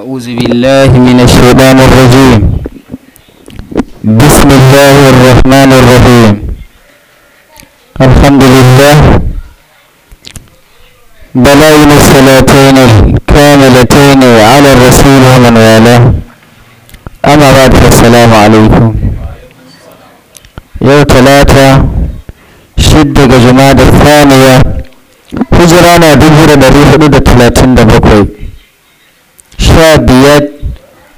أعوذ بالله من الشيطان الرجيم بسم الله الرحمن الرحيم الحمد لله بلائن الصلاتين الكاملتين على الرسول ومن والاه أما بعد فالسلام عليكم يوم ثلاثة شدة جماد الثانية هجرانا دهر دريه 137 15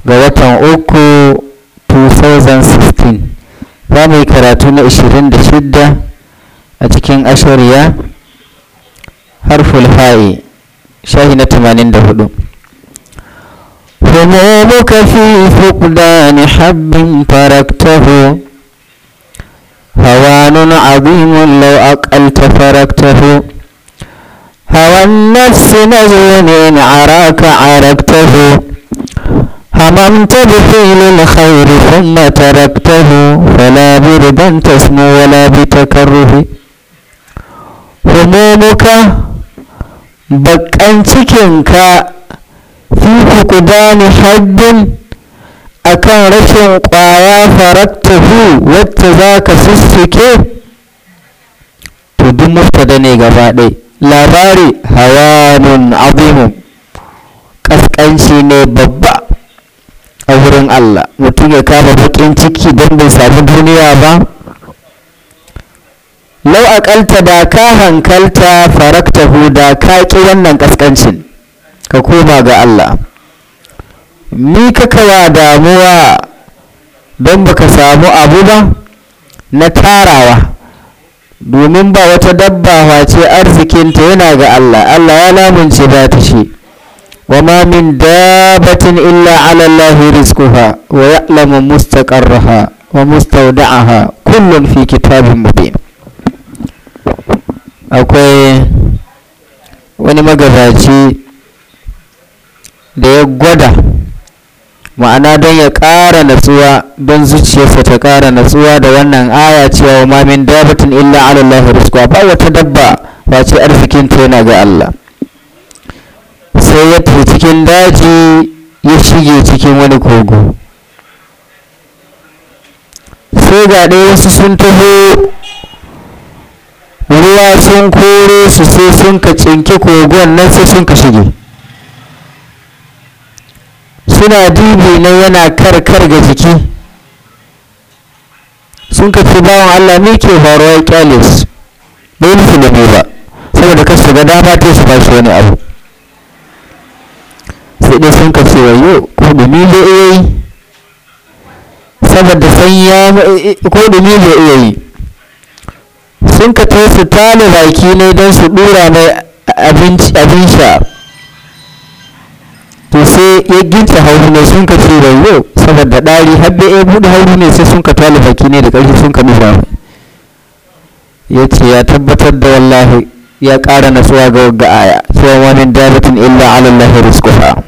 ga watan uku 2016 za mu yi karatu na 26 a cikin ashariya harful ha'i shahi na 84 همومك في فقدان حب تركته هوان عظيم لو أقلت فركته هوى النفس مجنون عراك عركته هممت بفعل الخير ثم تركته فلا بردا تسمو ولا بتكره همومك بقن تكنك في فقدان حد akan rashin ƙwaya faraktahu wacce za ka sissike to duk muftada ne gaba ɗaya labari hawanun azimu kaskanci ne babba a wurin Allah mutum ya kama baƙin ciki don bai sami duniya ba lau aƙalta da ka hankalta faraktahu da ka ƙi wannan ƙasƙancin ka koma ga Allah ni kawa damuwa don baka samu abu ba na tarawa domin ba wata dabba face arzikinta yana ga Allah Allah ya lamunce ba ta shi wa ma min dabatin illa ala Allah rizquha wa ya'lamu mustaqarraha wa mustawda'aha kullun fi kitabin mubin akwai wani magabaci da ya gwada ma'ana don ya ƙara natsuwa don zuciyarsa ta ƙara natsuwa da wannan aya cewa ma min dabatin illa ala Allah rizqa ba wata dabba ce arzikin ta yana ga Allah sai ya tafi cikin daji ya shige cikin wani kogo sai ga dai wasu sun taho ruwa sun kore su sai sun ka cinki kogon nan sai sun ka shige suna dubi nan yana karkar ga jiki sun kafi bawan Allah ne ke faruwa kyale su bai nufi da ba saboda kar su ga dama ta su fashi wani abu sai dai sun kafi wayo ko dumi da iya yi saboda san ya eh, eh, ko dumi da iya yi sun ka su tani baki ne don su dura mai abin sha to sai ya ginta hauhu ne sun ka ce wayo saboda ɗari habbe ya buɗe hauhu ne sai sun ka baki ne da ƙarfi sun ka nufa ya ce ya tabbatar da wallahi ya ƙara nasuwa ga wagga aya cewa wani daratin illa alallahi rizquha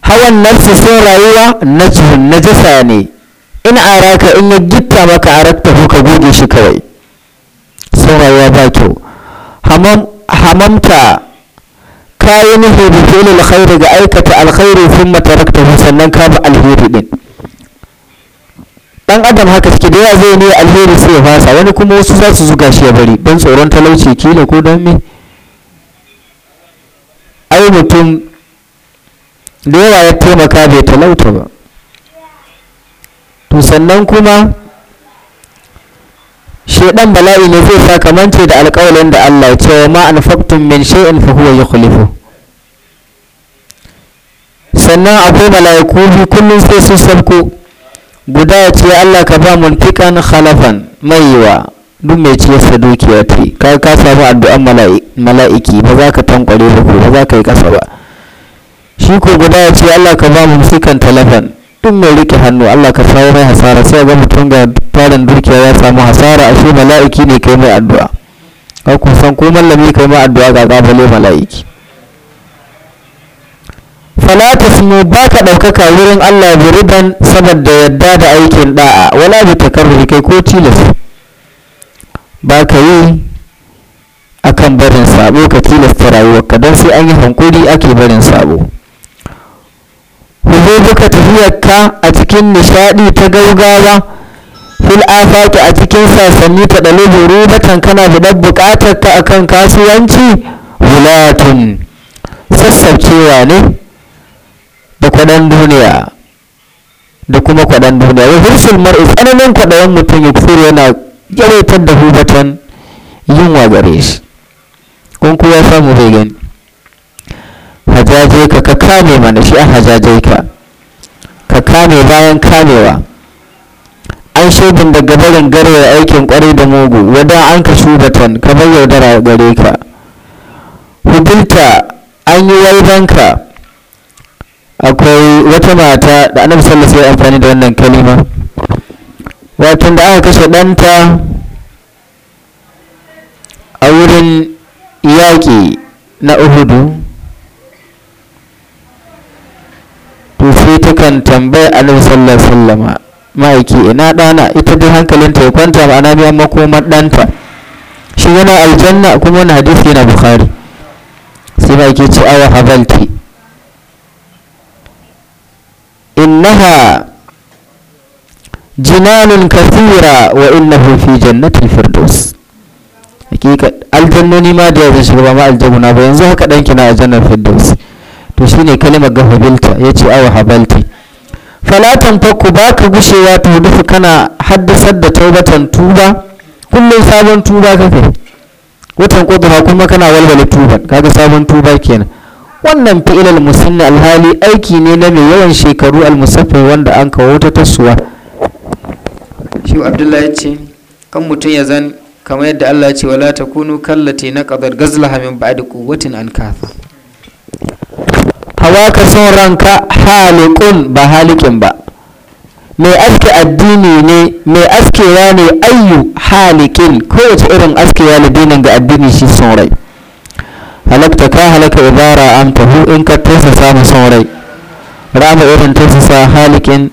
hawan nafsu sun rayuwa najhun najasa ne in araka in ya gitta maka arakta ko ka goge shi kawai sun rayuwa ba kyau hamamta ka yi nufi bi fi'lil ga aikata alkhairu sun matarakta sannan ka bi alheri din dan adam haka suke da yawa zai ne alheri sai ya fasa wani kuma wasu za su zuga shi ya bari don tsoron talauci kila ko don me ai mutum da yawa ya taimaka bai talauta ba to sannan kuma shedan bala'i ne zai sa kamance da alƙawarin da Allah ya ma anfaqtum min shay'in fa huwa yukhlifu sannan akwai mala'iku bi kullun sai sun sabko guda ya ce Allah ka ba muntiqan khalafan maiwa duk mai ce sa dukiya ta ka ka samu addu'an mala'iki ba za ka tankware ba ba za ka yi kasa ba shi ko guda ya ce Allah ka ba muntiqan talafan duk mai rike hannu Allah ka kawo mai hasara sai ga mutum ga tarin dukiya ya samu hasara ashe mala'iki ne kai mai addu'a ka ku san ko mallami kai mai addu'a ga kabale mala'iki fala tasmu ba ka ɗaukaka wurin Allah bi riban saboda yadda da aikin da'a wala bi takarruri kai ko tilas ba ka yi akan barin sabo ka tilasta rayuwarka don sai an yi hankuri ake barin sabo buka tafiyarka a cikin nishaɗi ta gaugawa fil afaki a cikin sasanni ta ɗalibu rubatan kana ɗan buƙatar ta akan kasuwanci wulatun sassaucewa ne da kwaɗan duniya da kuma kwaɗan duniya wa hirsul mar'i tsananin kwaɗayen mutum ya kusur yana yawaitar da hubatan yunwa gare shi kun kuwa samu bai gani hajjaje ka ka kame mana shi a hajjaje ka ka kame bayan kamewa an shaidin daga barin garwar aikin kwarai da mugu wadda an ka shubatan kamar yaudara gare ka hudulta an yi walbanka akwai wata mata da annabi sallallahu alaihi amfani da wannan kalima wato da aka kashe danta a wurin yaƙi na uhudu to sai takan tambayi annabi sallallahu alaihi wasallama ma'aiki ina ɗana ita dai hankalinta ya kwanta ana biyan makomar ɗanta shi yana aljanna kuma wani hadisi yana bukhari sai ma'aiki ce awa habalti innaha jinanun kasira wa innahu fi jannatin firdaus hakika aljannoni ma da yanzu shiga ba ma aljanna ba yanzu haka ɗanki na aljannar firdaus to shine kalimar gahabilta ya ce awa habalti falatan fakku ba ka gushewa ta hudufu kana haddasar da taubatan tuba kullum sabon tuba kake watan kudura kuma kana walwale tuban kaga sabon tuba kenan wannan fi'ilal musanni alhali aiki ne na mai yawan shekaru almusaffir wanda an kawo ta tasowa shi abdullahi ya ce kan mutum ya zan kamar yadda Allah ya ce wala takunu kallati na qadar gazlaha min ba'di quwwatin an kafa hawaka son ranka halikun ba halikin ba mai aske addini ne mai askewa ne ayyu halikin kowace irin askewa ladinin ga addini shi son rai halakta ka halaka ibara an tahu in ka tursasa mu son rai rama irin tursasa halikin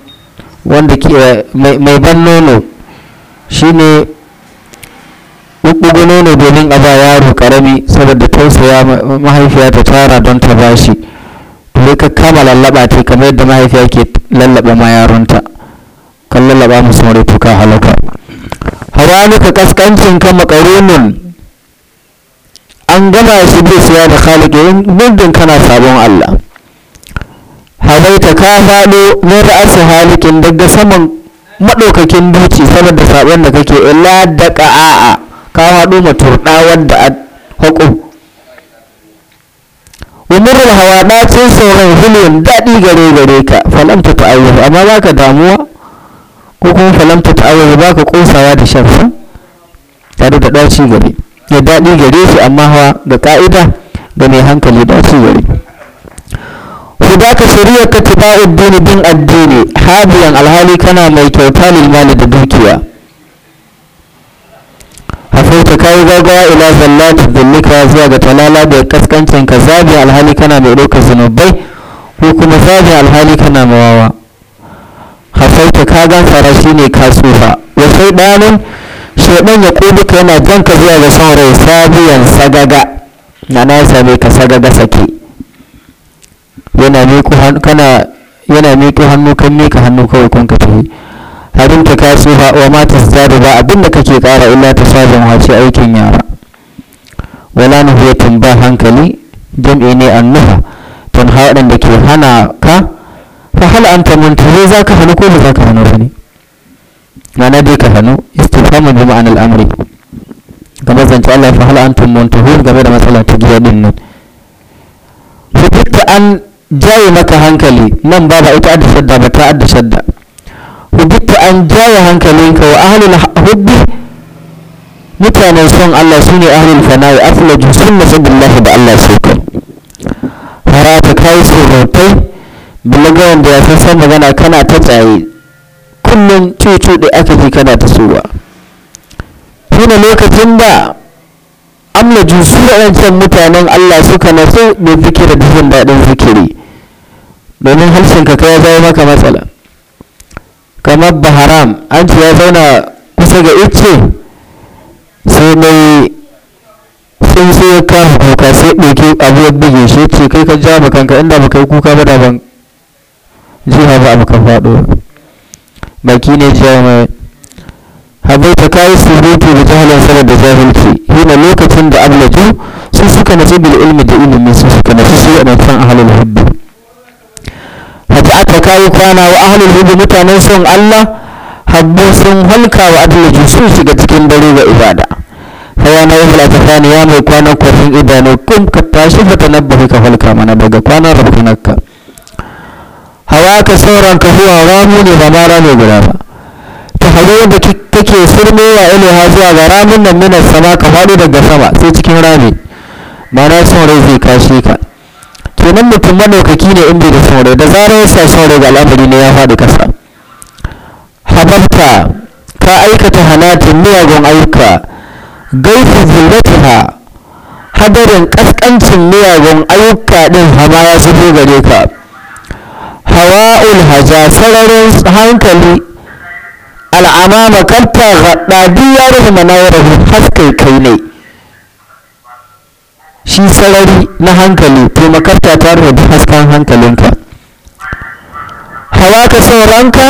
wanda ke mai ban nono shine ɓuɓɓugo nono domin a ba yaro karami saboda tausaya mahaifiya ta tara don ta bashi ne ka kama lallaba ta kamar yadda mahaifiya ke lallaba ma yaronta kan lallaba musu mare tuka halaka hawanuka kaskancin ka makarunin an gama shi bai siya da khaliki muddin kana sabon Allah hawaita ka faɗo min ra'asu halikin daga saman madaukakin duci saboda sabon da kake illa da ka'a ka faɗo maturɗa wadda a hukum yamurul hawa ɗacin sauran hilin daɗi gare gare ka falamta ta'awuz amma ka damuwa ko kuma falamta ta'awuz ka kosawa da sharfa tare da ɗaci gare ya daɗi gare shi amma hawa ga ka'ida da mai hankali ɗaci gare hudaka shari'a ka tiba'ud dini bin addini hadiyan alhali kana mai kyauta lil da dukiya sai ka kai gaggawa ila zallati dhillika zuwa ga talala da kaskancin ka zabi alhali kana mai ɗaukar zunubai ko kuma zabi alhali kana mawawa hasaita ka fara shine ka tsufa wa sai ɗanin shedan ya kudu ka yana jan ka zuwa ga son rai sabiyan sagaga na na same ka sagaga sake yana miƙo hannu kan miƙo hannu kan miƙa hannu kawai kun ka tafi abin ta kasuwa wa su tazdadu ba abin da kake kara illa ta sabon wace aikin yara wala nuhiyatun ba hankali jam'i ne annuha tun haɗin da ke hana ka fa hal anta za ka hannu ko ba ka hannu ba ne na dai ka hannu istifamu bi ma'anar al'amri game zance Allah fa hal antum muntahun game da matsala ta giya din nan fitta an jaye maka hankali nan ba ba ita addashadda ba ta addashadda shadda bugitta an jaye hankalinka wa ahlul hubbi mutanen son Allah su ne ahlul fana'i aflaju sun nasu da Allah su harata kai surutai bilaga wanda ya fi san magana kana ta tsaye kullum cucuɗe aka fi kana ta suwa tuna lokacin da amlaju su waɗancan mutanen Allah suka nasu bin fikira da jin daɗin fikiri domin harshenka kai ya zama maka matsala kamar baharam an ce ya zauna kusa ga ice sai mai sun sai ya kama kuka sai ɗauki abu ya buge shi ce kai ka ja kanka inda bakai kuka ba da ban jiha ba abu ka faɗo baki ne jiya mai ta kayi surutu da jahalar sanar da jahilci hina lokacin da ablatu su suka nace bil ilmi da ilimi su suka nace su a ahalul hubbi aka kawo kwana wa ahlul hudu mutanen son Allah habbu sun halka wa adalci sun shiga cikin dare ga ibada hayana ya halata kwana ya mai kwanan kwafin idanu kum ka tashi ka tanabbahi ka halka mana daga kwanan rabinaka hawa ka sauran ka zuwa ramu ne ba mara ne guda ba ta hazo da kake surmewa ilaha zuwa ga ramun nan na sama ka faɗo daga sama sai cikin rami ba na son rai zai kashe ka kenan mutum madaukaki ne in bai da saurayi da zarar ya sa saurayi ga al'amari ne ya faɗi ƙasa hababta ka aikata halatin miyagun ayyuka gaisu zurratiha hadarin ƙasƙancin miyagun ayyuka ɗin hama ya zubo gare ka hawa'ul haja sararin hankali al'amama kanta gaɗa duk ya rufe haskai kai ne shi sarari na hankali to makarta ta rabu hasken hankalinka hawa ka sauranka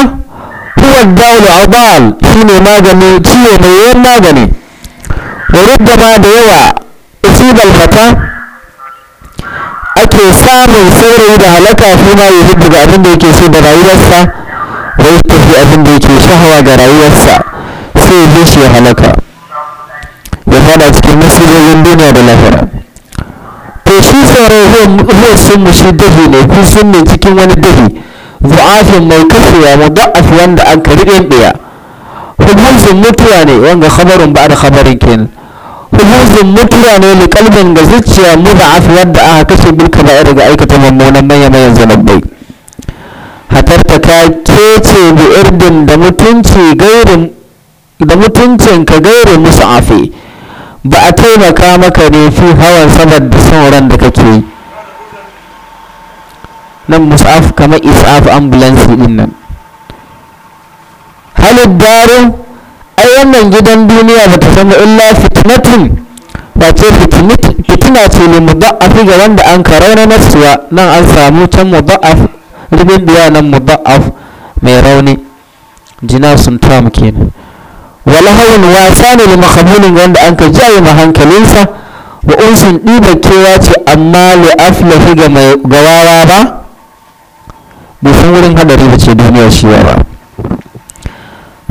huwa a abal shine magani ciwo mai yawan magani وربما ma da yawa usibal fata ake samun saurayi da halaka shi ma ya hiddu ga abin da yake so da rayuwarsa wai tafi abin da yake shahawa ga rayuwarsa sai ya shi ya halaka iya sunmu shi dahi ne fi ne cikin wani dahi zu'afin mai mu mudaf wanda an karɓe ɗaya hujuzin mutuwa ne wanga khabarun ba da khabarin kenan hujuzin mutuwa ne li kalbin ga zuciya mudaf wanda aka kashe bil kaba'ir ga aikata mummunan manya manyan zanabbai hatarta ka kece bi irdin da mutunci gairin da mutuncin ka gairin musu afi ba a taimaka maka ne fi hawan sabar da sauran da kake yi wannan mus'af kamar is'af ambulansi din nan halid daro ai wannan gidan duniya ba ta san illa fitnatin wace fitina ce ne mudda'afi ga wanda an na nasuwa nan an samu can mudda'af biya nan mudda'af mai rauni jina sun tamu kenan wala hawun wasa ne da makamunin wanda an ka jaye ma hankalinsa wa unsun ɗiba kewa ce amma li aflahi ga wawa ba bai wurin hadari da ce duniya shi ba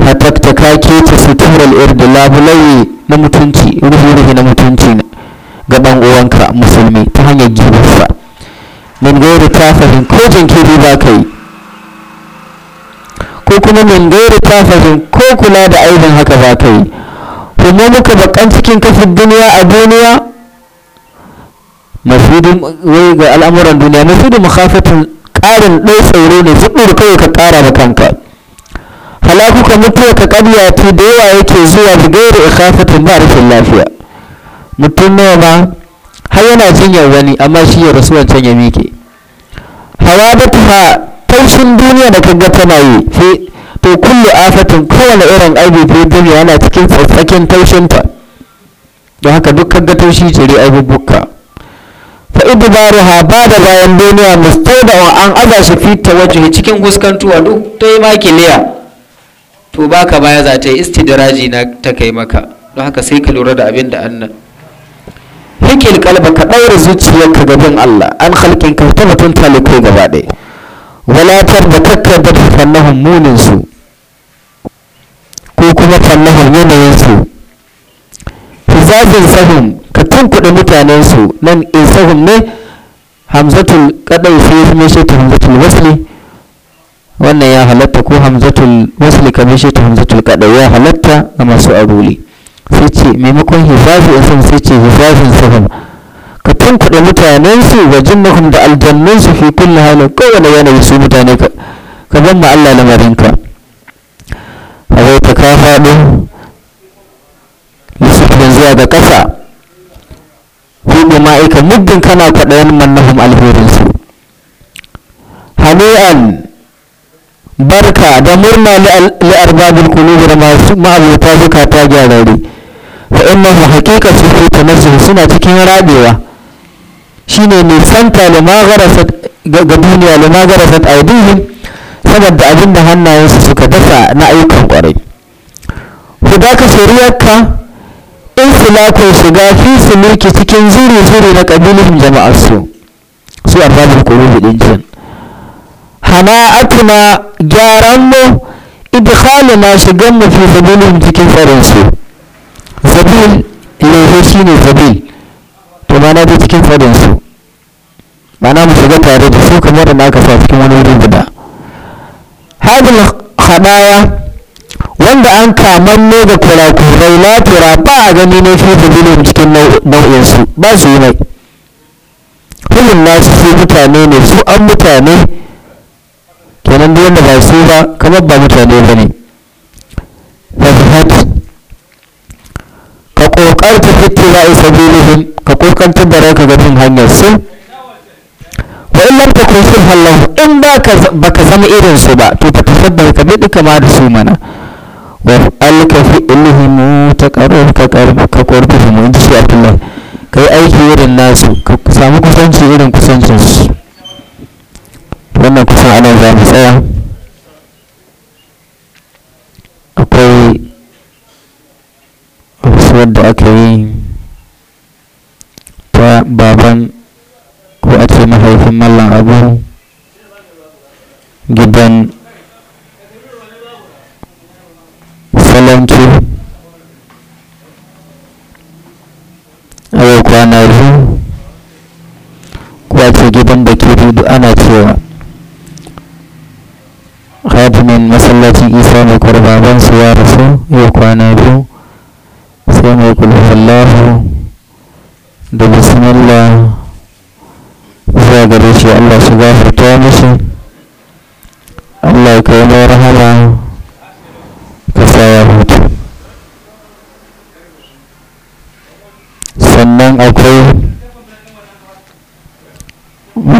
hatattaka ke ta suturar irda labulai na mutunci rufe na mutunci gaban uwanka musulmi ta hanyar gibarsa min ta fahim ko jinkiri ba ka yi ko kuma min gairi tafahin ko kula da aibin haka ba ka yi kuma muka bakan cikin kafin duniya a duniya mafidin wai ga al'amuran duniya mafidin mukhafatin ƙarin ɗau sauro ne zuɓur kawai ka ƙara da kanka ka mutu ka ƙarya ce da yawa yake zuwa da gairi ikhafatin ba rashin lafiya mutum nawa ma har yana jinyar wani amma shi ya rasu wancan ya miƙe ha taushin duniya da kaga tana yi fi to kullu afatin kowane irin aibi fi duniya yana cikin tsatsakin taushinta don haka duk kaga taushi jere aibubbuka wa idbaruha ba da bayan duniya mustada wa an aza shi fi tawajjuhi cikin tuwa duk ta yi liya to baka baya za ta yi istidraji na ta kai maka don haka sai ka lura da abin da annan hikil kalba ka ɗaura zuciyarka gaban Allah an halkin ka ta mutum talikai gaba wala walatar da kakkar da fannahun munin su ko kuma fannahun yanayin su wazin sahun ka tun tunkuɗe mutanensu nan in sahun ne hamzatul kadai sai ya zama shi hamzatul wasli wannan ya halatta ko hamzatul wasli ka kamar shi hamzatul kadai ya halatta ga masu aruli sai ce maimakon hifafi in sun sai ce hifafin sahun ka tun tunkuɗe mutanensu wa jinnahum da aljannansu fi kulli halin kowane yanayi su mutane ka ban ma Allah lamarinka a zai ta ka faɗo muddin kana kwaɗayin mannahum alherinsu hani'an barka da murna li'arbabin kulubi da masu ma'abuta zukata gyararri fa in mahu hakika su fi tanazzuhu suna cikin rabewa shine mai santa limagarasat ga duniya limagarasat aidihim saboda abinda hannayensu suka dafa na ayyukan kwarai ku da ka shari'arka لكم شجاع في سميك سكين زيري زيري نكابيلي من جماعة سو سو أفضل قلوب الإنسان حنا أتنا جارمو إدخالنا شجمنا في زبيلي من سكين فرنسي زبيل اللي هو سين زبيل تمانا دي سكين فرنسي معنا مشجع تعرض سو كمان ناقصة سكين وانا هذا الخدايا wanda an kamanne da kurakurai latura ba a gani ne fi sabilin cikin nau'insu ba su yi mai hulun nasu su mutane ne su an mutane kenan duk wanda ba su ba kamar ba mutane ba ne ka kokarta fitila isa bilihim ka kokarta da ka ga bin hanyar su wa in lam takun sulhan lahu in ba ka zama irin su ba to ta tafaddar ka bi duka ma da su mana ta واسألك فعلهم تقربك كقربهم عند شيء عبد الله kai aiki irin nasu ka samu kusanci irin kusancin su wannan kusan anan za mu tsaya akwai wasu da aka yi ta baban ko a ce mahaifin mallam abu gidan kuma ya kula Allahu da bismillah zuwa gare shi Allah shi gafarta musu Allah ka yi mai rahama ka sa ya hutu sannan akwai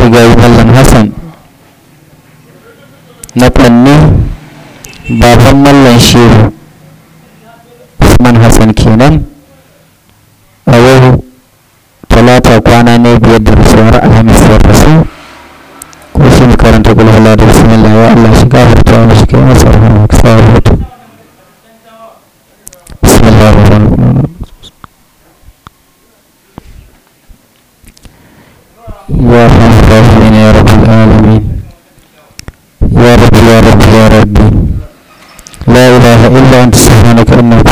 rigayi Mallan Hassan na fanni baban Mallan Shehu ne biyar da rasuwar alhamisiyar rasu kuma shi mu karanta kula Allah da bismillah ya Allah shi gafarta wa shi kai masa rahama ka sa rahoto bismillah يا رحمن الرحيم يا رب العالمين يا رب يا رب يا ربي لا إله إلا أنت سبحانك إنك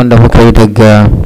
wanda muka yi